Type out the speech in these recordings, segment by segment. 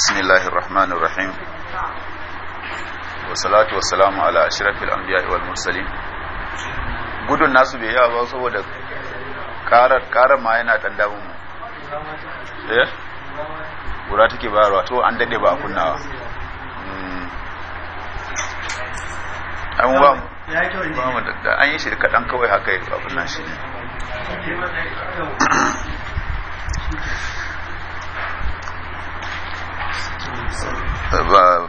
بسم الله الرحمن ala والصلاة والسلام على gudun nasu bai ba saboda karar karar ma yana dan damun mu eh gura an dade ba a kunnawa an ba yi shi kadan kawai haka abin na shi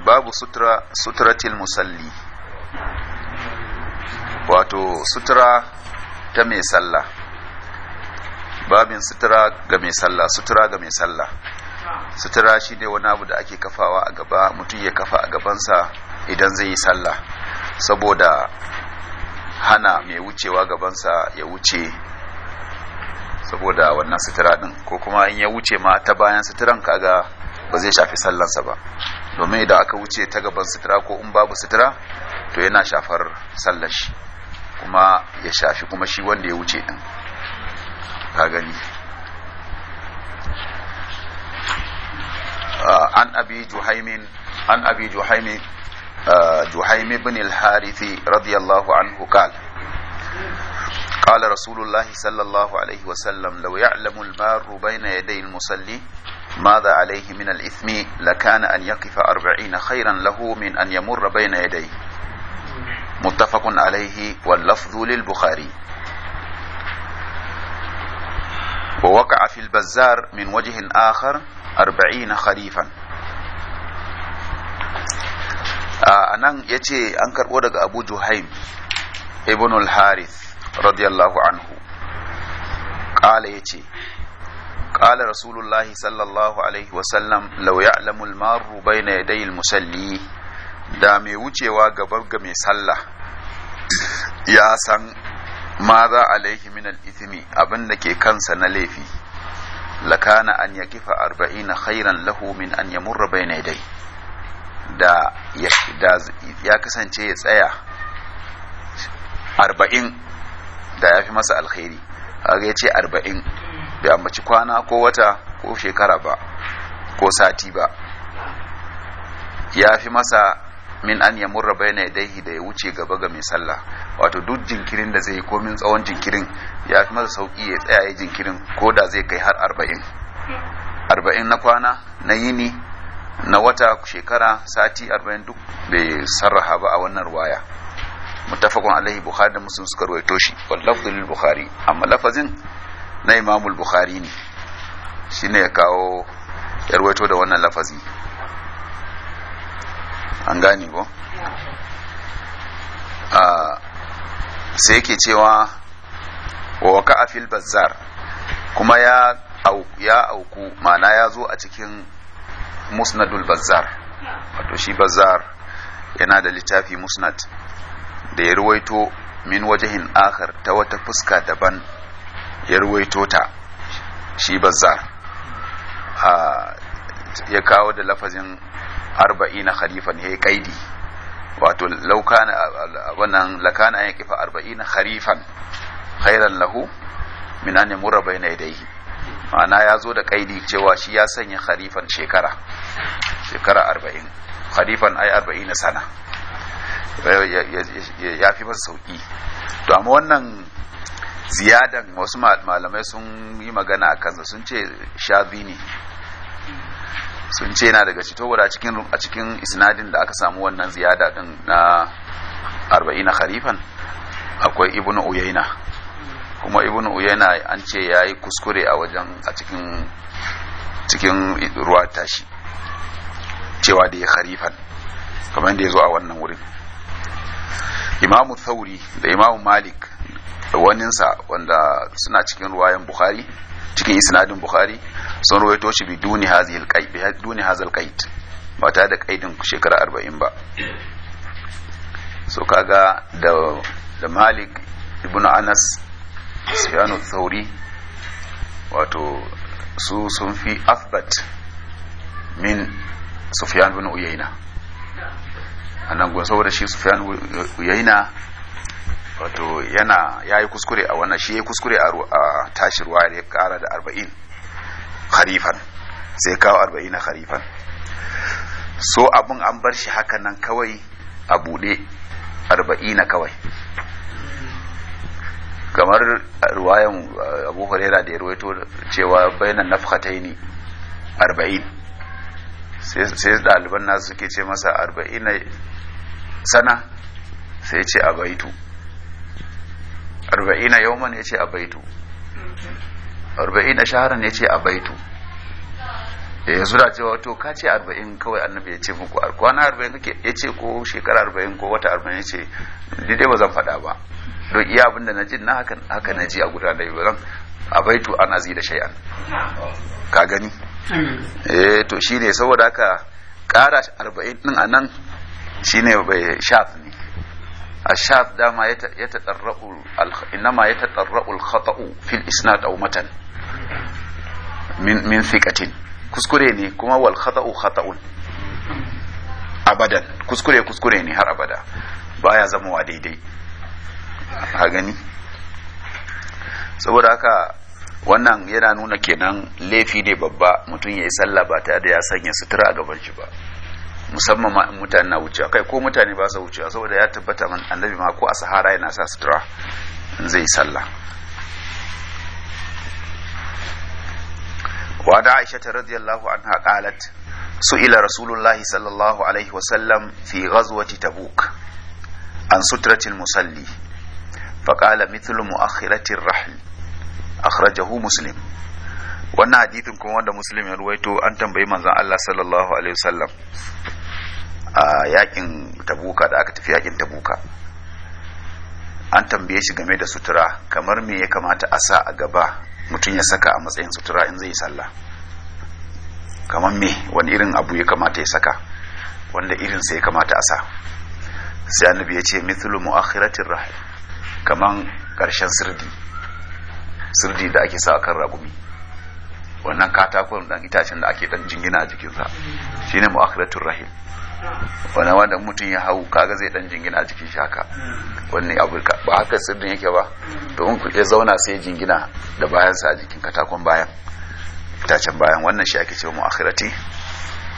babu sutura suturatil musalli wato sutura ta mai sallah babin sutura ga mai sallah sutura ga mai sallah sutura shi ne wani abu da ake kafawa a gaba mutum ya kafa a gabansa idan zai yi sallah saboda hana mai wucewa gabansa ya wuce saboda wannan sutura din ko kuma in ya wuce ma ta bayan suturan kaga ba zai shafi sallansa ba domin idan aka wuce ta gaban sutura ko in babu sutura to yana shafar sallar shi kuma ya shafi kuma shi wanda ya wuce din ka gani ah, an abi juhaimin an abi juhaimi ah, juhaimi bin al-harithi radiyallahu anhu qala قال رسول الله صلى الله عليه وسلم لو يعلم المار بين يدي المصلي ماذا عليه من الإثم لكان أن يقف أربعين خيرا له من أن يمر بين يديه متفق عليه واللفظ للبخاري ووقع في البزار من وجه آخر أربعين خريفا آه، أنا يتي أنكر ودق أبو جهيم ابن الحارث رضي الله عنه قال يتي قال رسول الله صلى الله عليه وسلم لو يعلم المار بين يدي المسلي da mai wucewa gabar ga mai sallah ya san ma za alaihi min al-ithmi abin da ke kansa na laifi lakana an ya kifa da ya kasance ya tsaya arba'in da ya fi masa alkhairi kaga ya ce arba'in bai ambaci kwana ko wata ko shekara ba ko sati ba ya fi masa min an ya murra ya yadayhi da ya wuce gaba ga mai sallah wato duk jinkirin da zai yi komin tsawon jinkirin ya fi masa sauki ya tsaya ya jinkirin ko da zai kai har arba'in arba'in na kwana na yini na wata shekara sati arba'in duk bai sarraha ba a wannan ruwaya mutafakon alaihi bukhari da musulun suka ruwaito shi wallafdul bukhari amma lafazin na imamul bukhari ne ne ya kawo yarwaito da wannan lafazi an gane ko sai yake cewa wa waka fil bazzar kuma ya ya auku mana ya zo a cikin musnadul bazzar wato shi bazzar yana da littafi musnad da ya ruwaito min wajahin akhar ta wata fuska daban ya ruwaito ta shi bazzar ya kawo da lafazin arba'ina khalifan ya yi kaidi wato laukana wannan lakana ya kifa arba'ina kharifan khairan lahu min an murabai bayna yadayhi ma'ana ya zo da kaidi cewa shi ya sanya khalifan shekara shekara arba'in kharifan ai arba'ina sana ya fi masa sauki to amma wannan ziyadan wasu malamai sun yi magana a kansa sun ce shabi ne sun ce na daga cito wadda a cikin isnadin da aka samu wannan ziyada din na 40 na kharifan akwai ibn uyaina kuma ibn uyaina an ce ya yi kuskure a wajen a cikin ruwa tashi cewa da ya harifan kamar da ya zo a wannan wurin imamu thauri da imamu malik waninsa wanda suna cikin ruwayen bukhari cikin isnadin bukhari sun ruwaito shi bi duni hazil qaid bi duni hazal qaid ba ta da ka'idin shekara 40 ba so kaga da da malik ibnu anas sufyanu thauri wato su sun fi afbat min sufyan ibn uyayna anan gwan saboda shi sufyan uyayna wato yana ya yi kuskure a wannan shi ya yi kuskure a tashi ruwa ya kara da arba'in harifan sai kawo arba'in na harifan so abin an bar shi haka nan kawai a bude arba'in na kawai kamar ruwayan uh, abu hurera da ya ruwaito cewa bayanan fukatai ne arba'in sai ɗaliban nasu suke ce masa arba'in sana sai ce a baitu arba'ina yawman ya ce a baitu arba'ina shaharan ya ce a baitu eh, yanzu da cewa to ka ce arba'in kawai annabi ya ce muku kwana arba'in kake ya ce ko shekara arba'in ko wata arba'in ya ce daidai ba zan faɗa ba don iya abin da na ji na haka na ji a guda da ba zan a baitu ana zai da shay'an ka gani eh to shine saboda haka ƙara arba'in din a nan shine bai shaf ne الشاب ده ما يتطرق انما يتطرق الخطا في الاسناد او متن من من كسكوري ني كما والخطا خطا ابدا كسكوري كسكوري ني هر ابدا بايا zamowa daidai ها غني saboda haka wannan yana nuna kenan laifi ne babba mutum ya yi sallah ba tare da ya sanya sutura a gaban shi ba musamman ma in mutane na wucewa kai ko mutane ba su wucewa saboda ya tabbata man annabi ma ko a sahara yana sa sutura in zai sallah wa da aisha ta radiyallahu anha qalat su'ila ila sallallahu alaihi wasallam fi ghazwati tabuk an sutratil musalli faqala mithlu mu'akhiratir rahl akhrajahu muslim wannan hadithin kuma wanda muslim ya ruwaito an tambayi manzon Allah sallallahu alaihi a yakin tabuka da aka tafi yakin tabuka an tambaye shi game da sutura kamar me ya kamata a sa a gaba mutum ya saka a matsayin sutura in zai sallah kamar me wani irin abu ya kamata ya saka wanda irinsa ya kamata a sa sai annabi ya ce mithlu mu'akhiratir rahim kaman karshen sirdi sirdi da ake sa kan ragumi wannan katakon dan itacen da ake dan jingina a jikinsa shine mu'akhiratur rahim wani wanda mutum ya hau kaga zai dan jingina a cikin shaka wani abu ba haka sirrin yake ba domin ku ya zauna sai jingina da bayansa a jikin katakon bayan itacen bayan wannan shi ake cewa mu'akhirati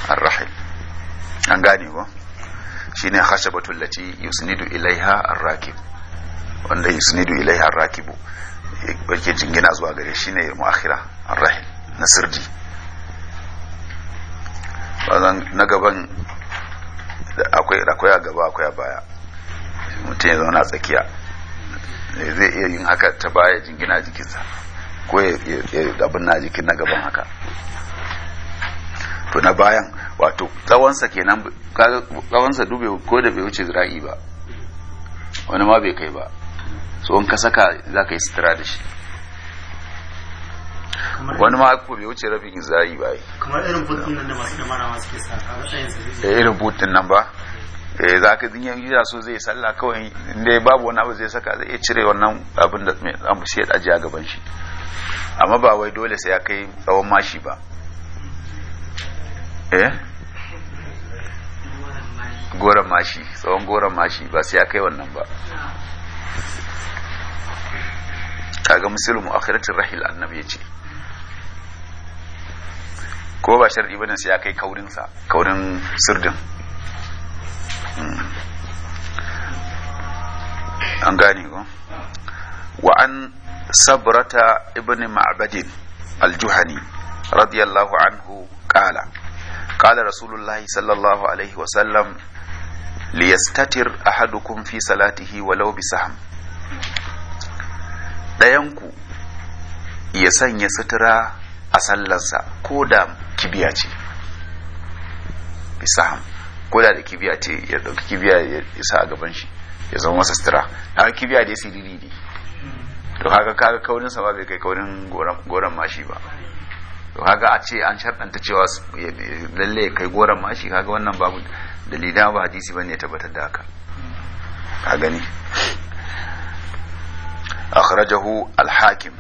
ar-rahil an gane ba shine khashabatul lati yusnidu ilaiha ar-rakib wanda yusnidu ilaiha ar-rakib yake jingina zuwa gare shine mu'akhira ar-rahil na sirri na gaban akwai a gaba akwai a baya mutum ya zauna tsakiya eh, zai iya yin haka ta baya jingina jikinsa ko ya abin na jikin na gaban haka to na bayan wato tsawonsa kenan tsawonsa dube ko da bai wuce zira'i ba wani ma bai kai ba so in ka saka za ka yi sutura da shi wani ma ko bai wuce rabin zayi ba kamar irin butun nan da masu kamara masu ke sa a eh, irin nan ba eh za ka dinga so zai sallah kawai inda babu wani abu zai saka zai iya cire wannan abin da mai an shi ya ajiya gaban shi amma ba wai dole sai ya kai tsawon mashi ba eh goran mashi tsawon goran mashi ba sai ya kai wannan ba kaga musulmu akhiratul rahil annabi ya ce ko ba shar bane sai ya kai kaurin kaurin sirdin hmm. an gane ko wa an sabrata ibn ma'badin al-juhani radiyallahu anhu qala qala rasulullahi sallallahu alaihi wa sallam liyastatir ahadukum fi salatihi walau bisaham dayanku ya sanya sutura a sallansa ko da kibiya ce bisaham ko da da kibiya ce ya dauki kibiya ya isa a gaban shi ya zama masa sutura da kibiya dai siriri ne to haka kaga kaurin sa ba bai kai kaurin goran mashi ba to haka a ce an sharɗanta cewa lalle ya kai goran mashi kaga wannan babu dalila ba hadisi bane ya tabbatar da haka a gani akhrajahu al-hakim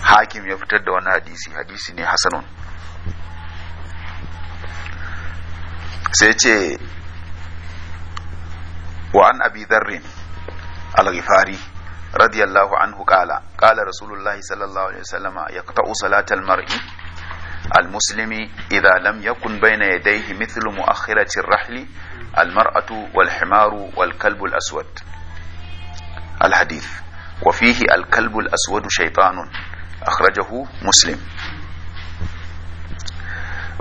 hakim ya fitar da wani hadisi hadisi ne hasanun sai ce wa an abi zarrin al-ghifari radiyallahu anhu kala kala rasulullah sallallahu alaihi wasallam ya qata'u salatal mar'i al-muslimi idza lam yakun bayna yadayhi mithlu mu'akhirati ar-rahl al-mar'atu wal-himaru wal-kalbu al-aswad al-hadith وفيه الكلب الأسود شيطانٌ akhrajahu muslim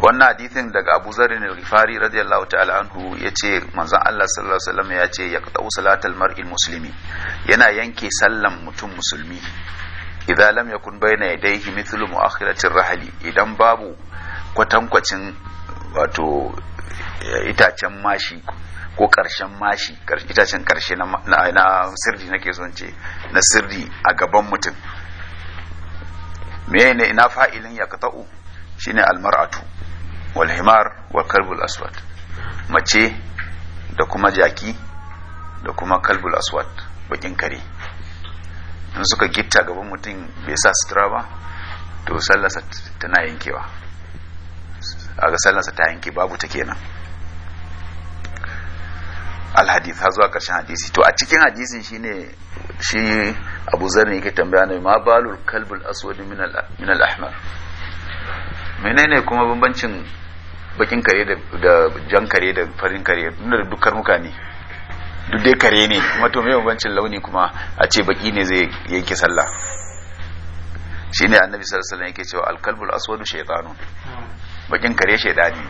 wannan hadithin daga abu zarin al-ghifari radiyallahu ta'ala anhu ya ce manzan Allah sallallahu alaihi wasallam ya ce ya kaɗau mar'i mar'il muslimi yana yanke sallan mutum musulmi idan lam yakun bayna yadayhi mithlu mu'akhiratir rahli idan babu kwatankwacin wato itacen mashi ko karshen mashi itacen karshe na sirri nake son ce na sirri a gaban mutum Mene ina fa'ilin ya kata'u shine almar'atu walhimar himar kalbul aswad mace da kuma jaki da kuma kalbul aswad bakin kare in suka gitta gaban mutum bai sa sutura ba to sallasa tana yankewa a ga ta yanke babu ta kenan alhadith har zuwa ƙarshen hadisi to a cikin hadisin shine shi abu zarni yake tambaya ne ma balul kalbul aswad min al ahmar menene kuma bambancin bakin kare da jan kare da farin kare da dukkan mukani? duk dai kare ne kuma to me bambancin launi kuma a ce baki ne zai yanke sallah shine annabi sallallahu alaihi wasallam yake cewa al kalbul aswad shaytanun bakin kare shaydani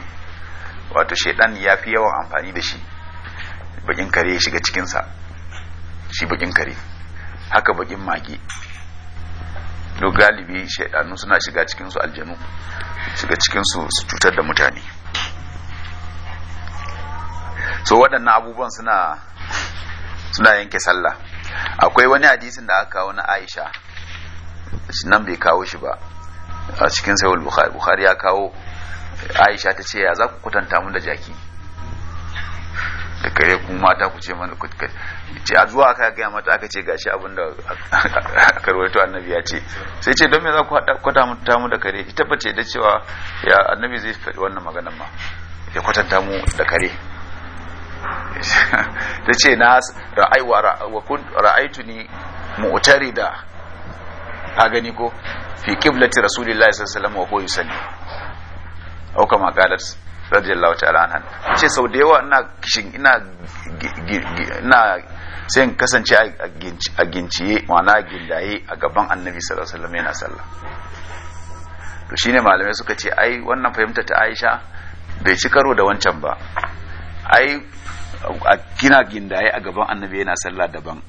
wato shaydan ya fi yawan amfani da shi bakin kare ya shiga cikinsa shi bakin kare haka bakin mage to galibi shaidanu suna shiga cikinsu aljanu shiga cikinsu su cutar da mutane so waɗannan abubuwan suna suna yanke sallah akwai wani hadisin da aka kawo na aisha nan bai kawo shi ba a cikin sayar bukhari ya kawo aisha ta ce ya za ku kwatanta mun da jaki da kare ku mata ku ce mana ce a zuwa aka gaya mata aka ce gashi abin da aka rawaito annabi ya ce sai ce don me za ku kwata mu ta mu da kare ita ce da cewa ya annabi zai faɗi wannan maganar ma ya kwatanta mu da kare ta ce na ra'ayi wa ra'aitu ni mu'tari da a gani ko fi qiblati rasulillahi sallallahu alaihi wasallam wa huwa yusalli au kama qalat radiyallahu ta'ala anha ce sau da yawa ina kishin ina ina sai in kasance a ginciye ma'ana gindaye a gaban annabi sallallahu alaihi wasallam yana sallah to shine malamai suka ce ai wannan fahimta ta Aisha bai ci karo da wancan ba ai kina gindaye a gaban annabi yana sallah daban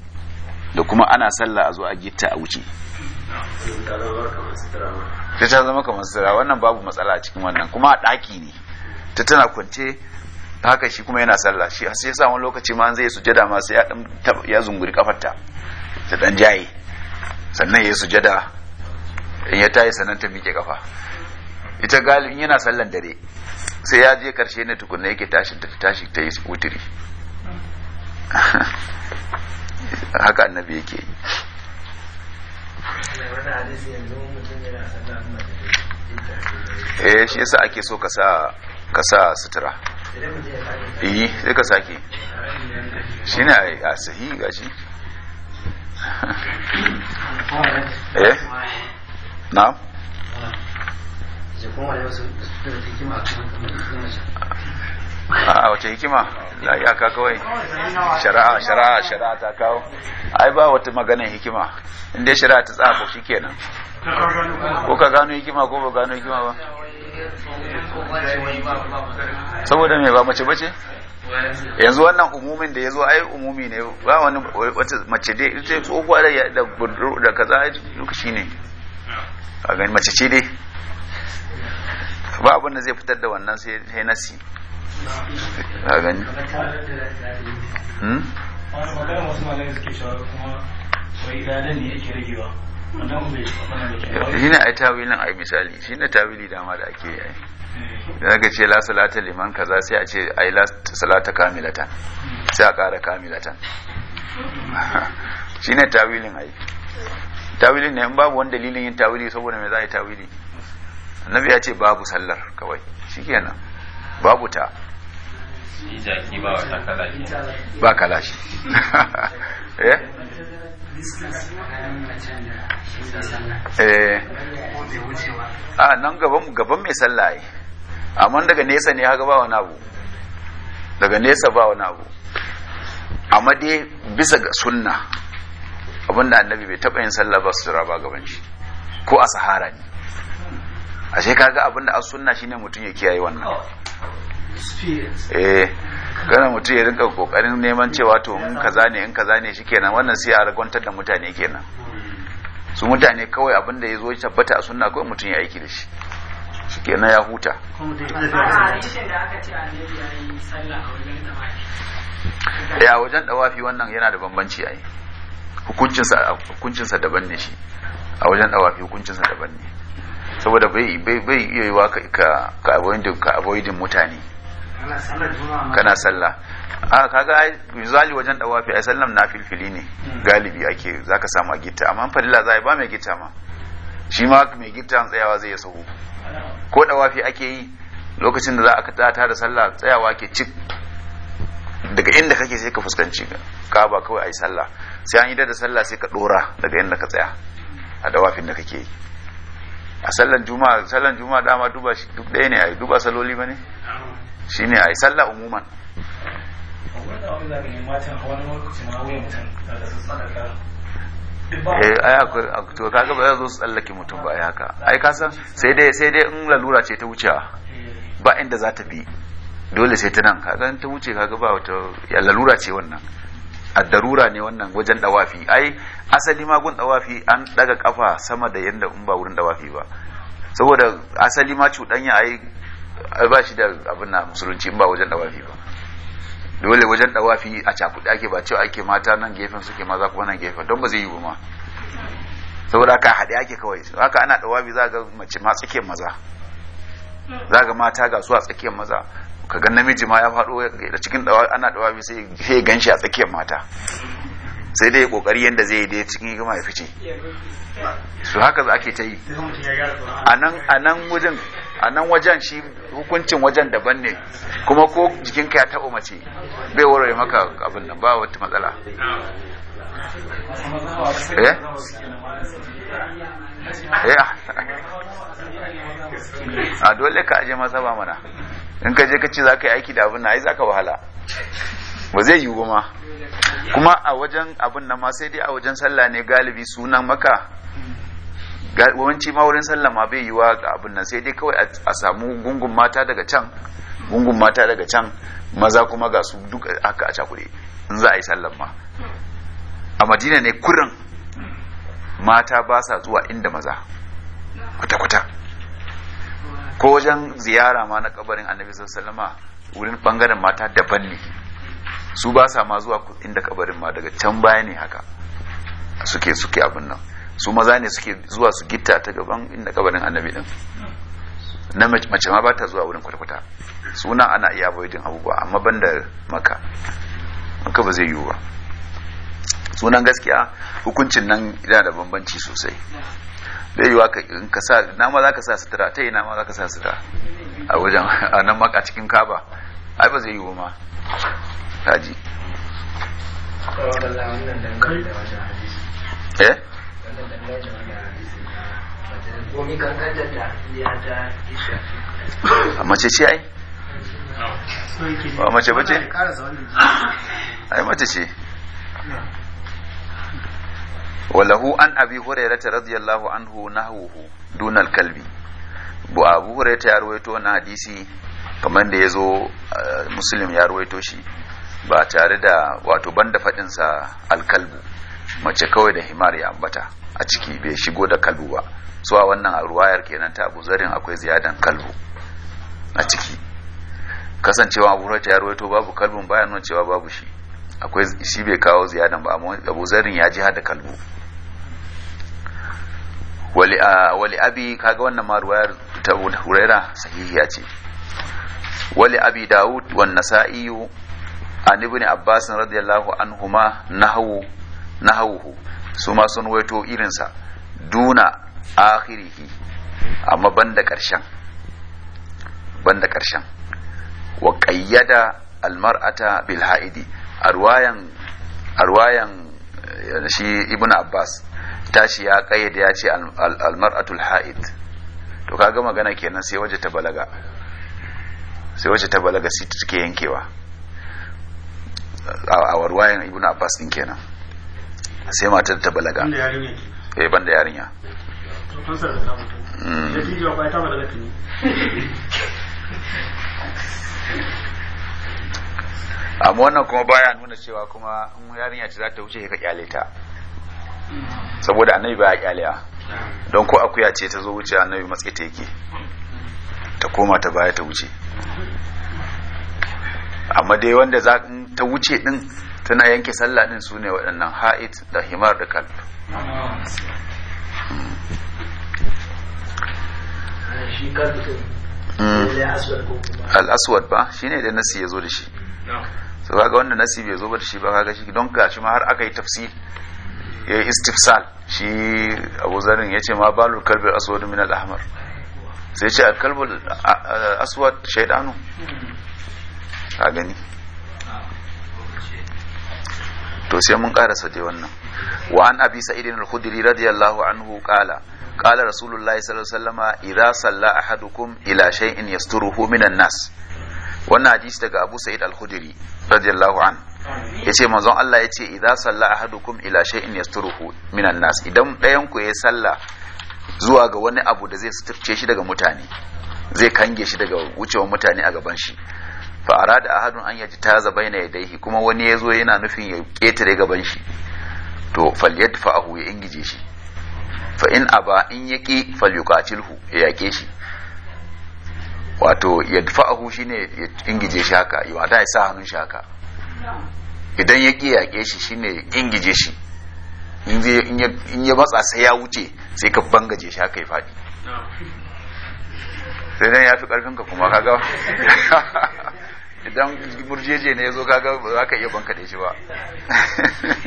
da kuma ana sallah a zo a gitta a wuce ta ta zama kamar sutura wannan babu matsala a cikin wannan kuma a ɗaki ne ta tana kwance haka shi kuma yana sallah shi sai ya wani lokaci ma zai sujada ma sai ya zunguri kafarta ta dan jaye sannan ya sujada in ya tayi sannan ta miƙe kafa ita galibin yana sallan dare sai ya je karshe ne tukunna yake tashin ta tashi ta yi wutiri haka annabi yake yi eh shi yasa ake so ka sa ka sa sutura eh sai ka sake shi ne a sahi ga shi eh na a ah, wace hikima la ya ka kawai Shara'a shara'a shara'a ta kawo ai ba wata maganin hikima inda shara'a ta tsako shikenan ko ka gano hikima ko ba gano hikima ba saboda me ba mace bace yanzu wannan umumin da ya zo ai umumi ne ba wani wata mace dai ita tsohuwa da da gudu da kaza duka shine a gani mace ce dai ba abin da zai fitar da wannan sai nasi a gani hmm? shi ne yi tawilin a yi misali shi ne tawili dama da ake yi da naga ce la salata liman kaza sai a ce ai la salata kamilatan sai a ƙara kamilatan shi ne tawilin a yi. tawilin ne in babu wani dalilin yin tawili saboda me za a yi tawili annabi ya ce babu sallar kawai shikenan babu ta ba kalashi eh eh ah, nan gaban gaban mai sallah ai amma daga nesa ne haka ba wani abu daga nesa ba wani abu amma dai bisa ga sunna abinda annabi bai taba yin sallah ba su ba gaban shi ko a sahara ne ashe kaga abinda a sunna shine mutum ya kiyaye wannan oh, eh gana mutum ya rinka kokarin neman cewa to in kaza ne in kaza ne shikenan wannan sai a ragwantar da mutane kenan su mutane kawai abin da ya zo tabbata a sunna kawai mutum ya aiki da shi shikenan ya huta ya eh, wajen dawafi wannan yana da bambanci ai hukuncinsa hukuncinsa daban ne shi a wajen dawafi hukuncinsa daban ne saboda bai bai iya yiwa ka ka avoidin mutane kana sallah a kaga misali wajen fi ai sallam na filfili ne hmm. galibi ake zaka samu a gitta amma fadila zai ba mai gitta ma shi ma mai gitta tsayawa zai ya sahu ko fi ake yi lokacin da za a ta da sallah tsayawa ke cik daga inda kake sai ka fuskanci ka ba kawai ai sallah sai an yi da sallah sai ka dora daga inda ka tsaya a dawafin da kake yi a sallan juma'a sallan juma'a dama duba shi duk ɗaya ne ai duba saloli bane ne a yi sallah umuman eh, to ai to kaga ba zo su tsallake mutum ba ai haka ai ka sai dai sai dai in lalura ce ta wucewa ba inda za ta bi dole sai ta nan kaga ta wuce kaga ba wata lalura ce wannan a darura ne wannan wajen dawafi ai asali ma gun dawafi an daga kafa sama da yanda in ba wurin dawafi ba saboda asali ma cuɗanya ai Albashi da abin na musulunci ba wajen dawafi ba dole wajen dawafi a cakuɗe ake ba cewa ake mata nan gefen suke maza kuma nan gefen don ba zai yi ba ma saboda aka haɗe ake kawai haka ana dawafi za ga mace ma tsakiyar maza za ga mata ga su a tsakiyar maza ka ga namiji ma ya faɗo da cikin ana dawafi sai gan shi a tsakiyar mata sai dai kokari yadda zai dai cikin gama ya fice su haka za ake ta yi a nan wajen a nan wajen shi hukuncin wajen daban ne kuma ko jikinka ya taɓa mace bai warware maka abin da ba wata matsala eh? Eh, ah, a dole ka aje masa ba mana in ka je ka ce za ka yi aiki da abin na ai za ka wahala ba zai yiwu ba ma kuma a wajen abin na ma sai dai a wajen sallah ne galibi sunan maka wawanci ma wurin sallama bai yiwa ga abin nan sai dai kawai a samu gungun mata daga can gungun mata daga can maza kuma ga su duk haka a cakure in za a yi sallama a madina ne kurin mata ba sa zuwa inda maza kwata-kwata ko wajen ziyara ma na kabarin annabi sallama wurin bangaren mata daban ne su ba sa ma zuwa inda kabarin ma daga can baya ne haka suke suke abin nan su maza ne suke zuwa su gita ta gaban inda kabarin annabi din na mace ma ba ta zuwa wurin kwata-kwata suna ana iya avoidin abubuwa amma banda maka maka ba zai yiwu ba sunan gaskiya hukuncin nan yana da bambanci sosai bai yiwa ka sa na ma za ka sa sutura ta yi na ma za ka sa sutura a wajen a nan maka cikin kaba ai ba zai yiwu ma kaji eh mace ce ai ba mace ai mace ce walahu an abi hurairata radiyallahu anhu nahwuhu dunal kalbi bu abu hurairata ya ruwaito na hadisi kamar da ya zo eh, muslim ya ruwaito shi ba tare da wato banda faɗinsa alkalbu mace kawai da himar ya ambata a ciki bai shigo da kalbu ba so a wannan ruwayar kenan ta abu zarin akwai ziyadan kalbu a ciki kasancewa abu hurata ya ruwaito babu kalbun bayan nuna cewa babu shi akwai shi bai kawo ziyadan ba amma abu zarin ya ji hada kalbu wali a wali abi kaga wannan ma ruwayar ta huraira sahihiya ce wali abi daud wan nasa'i an ibn abbas radiyallahu anhuma nahwu nahwuhu su ma sun waito irinsa duna akhirihi amma banda karshen banda karshen wa qayyada almar'ata bil haidi arwayan arwayan eh, shi ibn abbas tashi ya kayyade ya ce almar'atul haid to kaga magana kenan sai waje ta balaga sai waje ta balaga sai take yankewa a warwayan ibn abbas din kenan sai matar ta balaga eh banda yarinya hmm. amma wannan kuma baya nuna cewa kuma in yarinya ce za ta wuce ka kyale ta saboda annabi baya kyale don ko akuya ce ta zo wuce annabi matsi ta yake ta koma ta baya ta wuce amma dai wanda za ta wuce din tana yanke sallah din su ne waɗannan ha'id da himar da kalb hmm. al-aswad ba shi ne da nasi ya zo da shi so kaga wanda nasi bai zo ba da shi ba kaga shi don gashi ma har aka yi tafsir ya yi istifsal shi abu zarin ya ce ma balul kalbi aswad min al-ahmar sai ce a kalbul aswad shaidanu hmm. a gani to sai mun karasa dai wannan wa an abi sa'idin al-khudri radiyallahu anhu qala qala rasulullahi sallallahu alaihi wasallam idza salla ahadukum ila shay'in yasturuhu minan nas wannan hadisi daga abu sa'id al-khudri radiyallahu an yace manzon Allah yace idza salla ahadukum ila shay'in yasturuhu minan nas idan ɗayan ku yayi sallah zuwa ga wani abu da zai suturce shi daga mutane zai kange shi daga wucewan mutane a gaban shi fa arada ahadun an yaji taza baina yadayhi kuma wani yazo yana nufin ya ketare gaban shi to falyadfa'ahu ya ingije shi fa in aba in yaki falyuqatilhu ya yake shi wato yadfa'ahu shine ya ingije shi haka ya wata ya sa hannun shi haka idan yaki ya yake shi shine ingije shi in ya matsa sai ya wuce sai ka bangaje shi haka ya faɗi sai dan ya fi ƙarfinka kuma kaga idan murjeje ne ya zo kaga ba ka iya banka da shi ba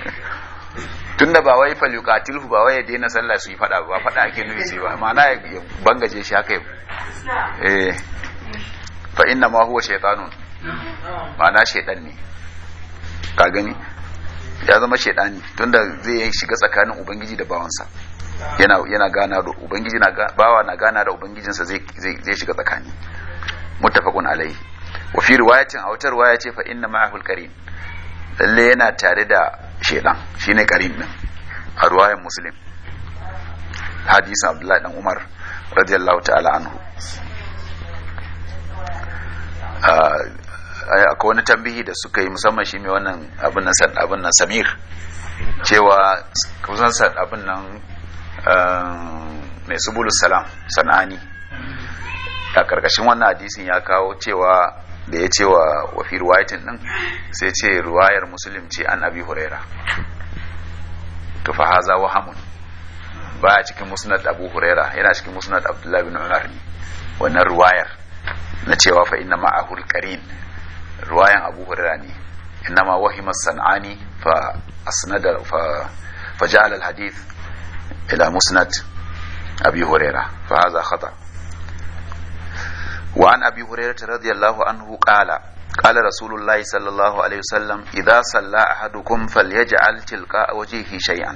tunda ba wai falukatilhu ba wai ya daina sallah su yi fada ba fada ake nufi sai ba ma'ana ya bangaje shi haka eh fa inna ma huwa shaytanun ma'ana shaytan ne ka gani ya zama shaytani tunda zai shiga tsakanin ubangiji da bawansa yana yana gana da ubangiji na bawa na gana da ubangijinsa zai zai shiga tsakani muttafaqun alaihi wa fi riwayatin a ce fa inna ma'ahul qarin lalle yana tare da shedan ne karin din a ruwayan musulun. hadisun abdullahi dan umar radiyallahu ta'ala anhu akwai wani tambihi da suka yi musamman shi mai wannan abin nan samir cewa kusan abin nan ehm, mai Subulus salam sana'ani a ƙarƙashin wannan hadisin ya kawo cewa da ya ce wa wafi ruwayatin din sai ce ruwayar musulun ce an abi huraira to fa haza wahamun baya cikin musnad abu huraira yana cikin musnad abdullahi bin umar ne wannan ruwayar na cewa fa inna ma ahul qarin ruwayan abu huraira ne inna ma wahima sanani fa asnada fa fa ja'ala al hadith ila musnad abi huraira fa haza khata' وعن أبي هريرة رضي الله عنه قال قال رسول الله صلى الله عليه وسلم إذا صلى أحدكم فليجعل تلقاء وجهه شيئا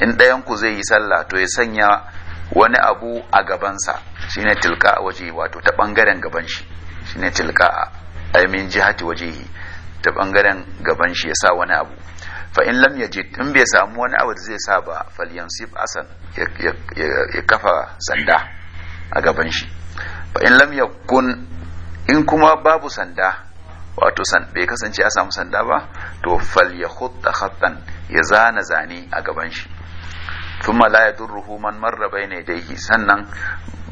in ɗayanku zai yi sallah to ya sanya wani abu a gabansa shine tilka a waje wato ta ɓangaren gaban shi shine tilka a aimin jihati waje ta ɓangaren gaban shi ya sa wani abu fa in lam yajid in bai samu wani abu da zai sa ba falyansif asan ya kafa sanda a gaban shi fa in lam yakun in kuma babu sanda wato bai kasance a samu sanda ba to fal ya khutta khattan ya zana zane a gaban shi thumma la durruhu man marra bayna yadayhi sannan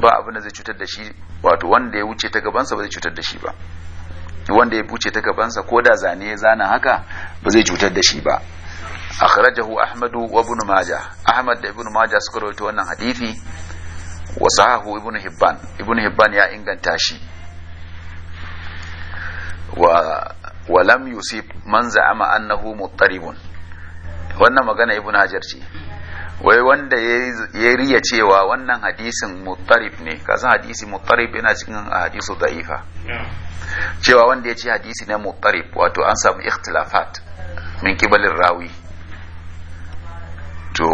ba abin da zai cutar da shi wato wanda ya wuce ta gabansa ba zai cutar da shi ba wanda ya wuce ta gabansa ko da zane ya zana haka ba zai cutar da shi ba akhrajahu ahmadu wa ibn majah ahmad da ibn majah suka rawaito wannan hadisi wasahu ibn hibban ibn hibban ya inganta shi wa walam Yusuf, man za'ama annahu muttaribun wannan magana ibn hajar ce wai wanda ya riya cewa wannan hadisin muttarib ne kaza hadisi muttarib yana cikin hadisu da'ifa cewa wanda ya ce hadisi ne muttarib wato an samu ikhtilafat min kibalin rawi to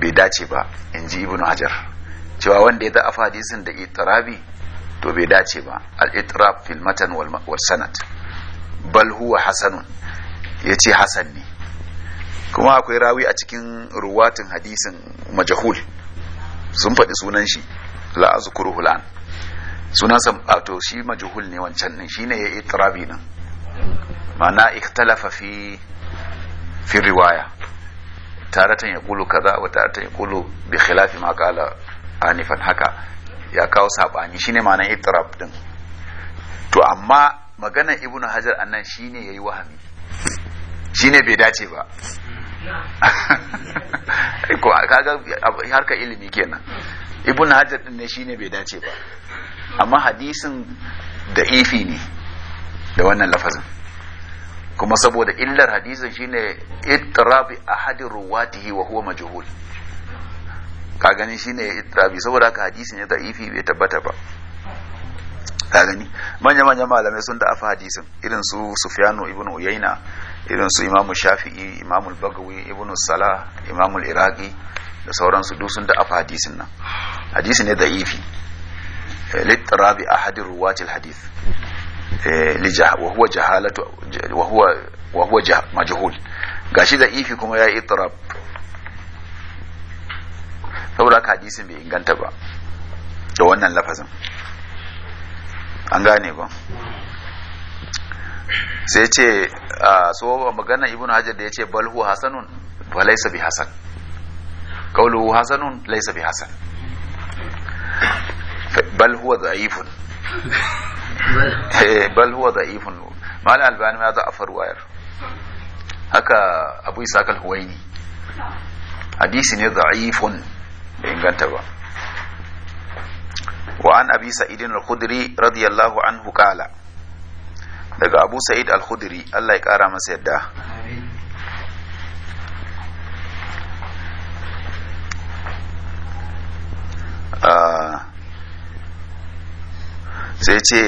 bai dace ba in ji ibn hajar cewa wanda ya da afadisin hadisin da itirabi to bai dace ba al-itirab fil matan wal sanad bal huwa hasanun yace hasan ne kuma akwai rawi a cikin ruwatin hadisin majahul sun faɗi sunan shi la azkuru hulan sunan sa to shi majahul ne wancan ne shine ya itirabi nan ma'ana ikhtalafa fi fi riwaya taratan yaqulu kaza wa taratan yaqulu bi khilafi ma qala anifan haka ya kawo sabani shine ma'anar itirab din to amma maganar ibnu hajar annan shine yayi wahami shine bai dace ba ko kaga harka ilimi kenan ibnu hajar din ne shine bai dace ba amma hadisin da ifi ne da wannan lafazin kuma saboda illar hadisin shine ittirabi ahadir ruwatihi wa huwa majhul ka gani shine itirabi saboda haka hadisi ne da'ifi bai tabbata ba ka gani manya manya malamai sun da afa hadisin irin su sufyanu ibn uyaina irin su imamu shafi'i imamu bagawi ibn salah imamu Iraki da sauransu duk sun da afa hadisin nan hadisi ne da'ifi eh, hadin ruwacin hadis eh, wahuwa jahalatu wahuwa majhul gashi da ifi kuma ya itirab saboda haka hadisin bai inganta ba da wannan lafazin an gane ba sai ce tsohon magana ibn hajjar da ya ce balhu hasanun ba laisa bi hasan kauluhu hasanun laisa bi hasan bal huwa da'ifun eh, bal huwa da'ifun mal albani ma faru wayar haka abu isa al huwaini hadisi ne za'ifun da inganta ba wa an abi sa'idin al-khudri radiyallahu anhu kala daga abu sa'id al-khudri Allah ya kara masa yadda ah, sai ce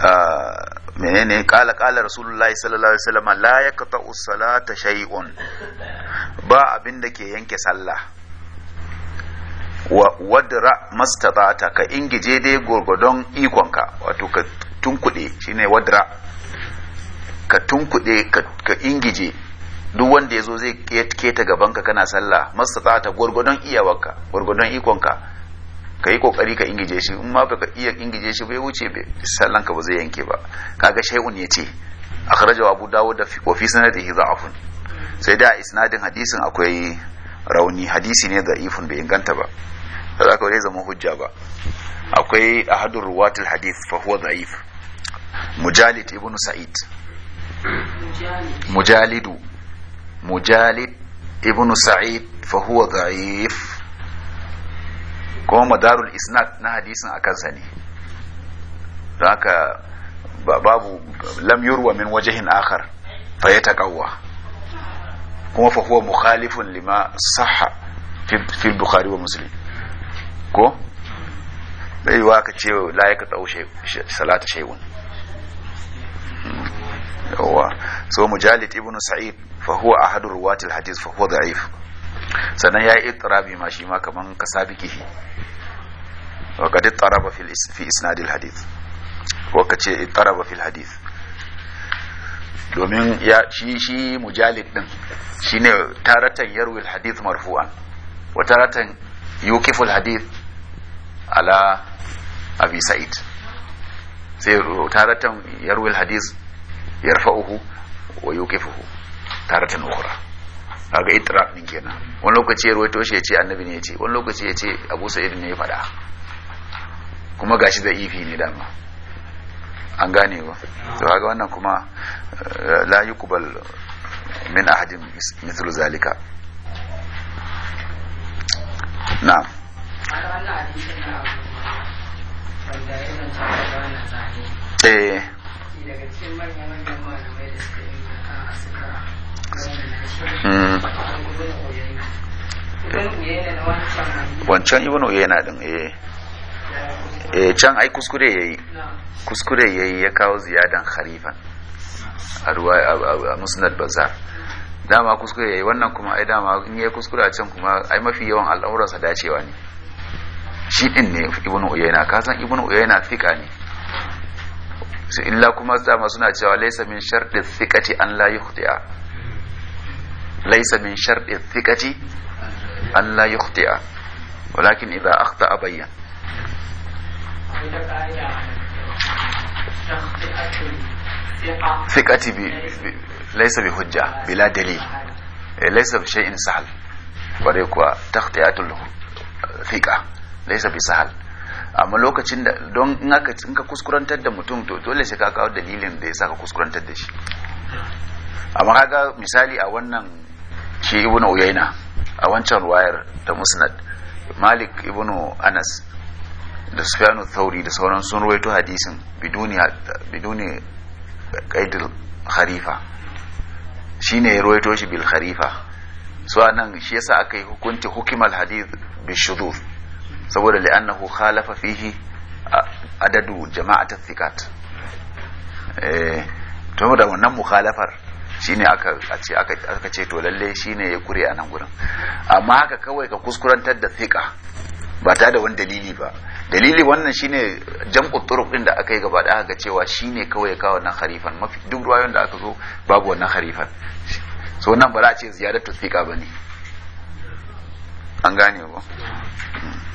ah, menene kala kala rasulullahi sallallahu alaihi wasallam la yaqta'u salata shay'un ba abin da ke yanke sallah wadra mastata ka ingije dai gurgudon ikonka wato ka tunkuɗe shine wadra ka tunkuɗe ka ingije duk wanda ya zo zai keta gabanka kana sallah mastata gurgudon iyawarka gurgudon ikonka ka yi kokari ka ingije shi in ma ka iya ingije shi bai wuce sallan ka ba zai yanke ba kaga shay'un yace akhrajahu abu dawud wa fi sanadihi da'afun sai da isnadin hadisin akwai rauni hadisi ne da ifin bai inganta ba ba za ka zama hujja ba akwai ahadun ruwatul hadith fa huwa da'if mujalid ibn sa'id mujalidu mujalid ibn sa'id fa huwa da'if kuma madarul isnad na hadisin a kansa ne don haka babu lam yurwa min wajahin akhar fa ya taqawwa kuma fa huwa mukhalifun lima sahha fi al-bukhari wa muslim ko zai yiwa ka ce la ya ka tsawo salata shayun yawa so mujalid Ibn sa'id fa huwa ahadu ruwatil hadith fa huwa da'if sannan ya yi ittirabi ma shi ma kaman ka sabiqihi wa qad ittaraba fil fi isnad al hadith ko ka ce ittaraba fil hadith domin ya shi shi mujalid din shine taratan yarwi al hadith marfu'an wa taratan yukifu al hadith ala abi sa'id sai taratan yarwil hadis yarfa'uhu wa yuqifuhu taratan ukhra kaga itraq din kenan wani lokaci ya to shi yace annabi ne yace wani lokaci yace abu sa'id ne ya faɗa kuma gashi da ifi ne dama an gane ba to kaga wannan kuma eh, la yuqbal min ahadin mithlu zalika na'am Eh. wancan ibn na din eh eh can ai kuskure yayi kuskure yayi ya kawo ziyadan kharifan a ruwa a musnad bazar dama kuskure yayi wannan kuma ai dama in yayi kuskure a can kuma ai mafi yawan al'amuransa dacewa ne shi din ne ibn uyayna ka san ibn uyayna thika ne su illa kuma zama suna cewa laysa min sharɗi thiqati an la yukhti'a laysa min sharɗi thiqati an la yukhti'a walakin idza akhta bayyana ثقتي بي ليس بحجة بلا دليل ليس بشيء سهل وريكوا تخطئة الثقة laisa bi sahal amma lokacin da don in aka in ka kuskurantar da mutum to dole sai ka kawo dalilin da yasa ka kuskurantar da shi amma kaga misali a wannan shi ibnu uyayna a wancan ruwayar da musnad malik ibnu anas da sufyanu thauri da sauran sun ruwaito hadisin biduni biduni qaidil kharifa shine ya ruwaito shi bil kharifa so anan shi yasa aka yi hukunci hukimal hadith bi shudud saboda li'annahu khalafa fihi adadu jama'atul thiqat eh to da wannan mukhalafar shine aka ce aka ce to lalle shine ya kure a nan gurin amma haka kawai ka kuskurantar da thiqa ba ta da wani dalili ba dalili wannan shine jam'u turuq din da aka yi gaba da aka cewa shine kawai ka wannan harifan mafi duk ruwayoyin da aka zo babu wannan harifan so nan ba za a ce ziyaratul thiqa bane an gane ba hmm.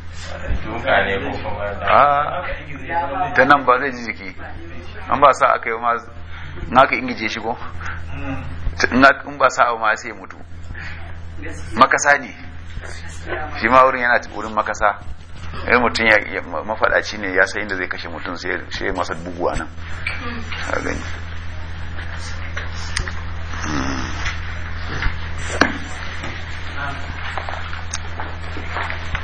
a ah. ta nan ba zai ji jiki an ba sa aka yi ma na ka ingije shi ko in ba sa ma sai mutu makasa ne shi ma wurin yana wurin makasa eh, ya mutum ya mafadaci ne ya san inda zai kashe mutum sai ya masa buguwa nan a gani hmm.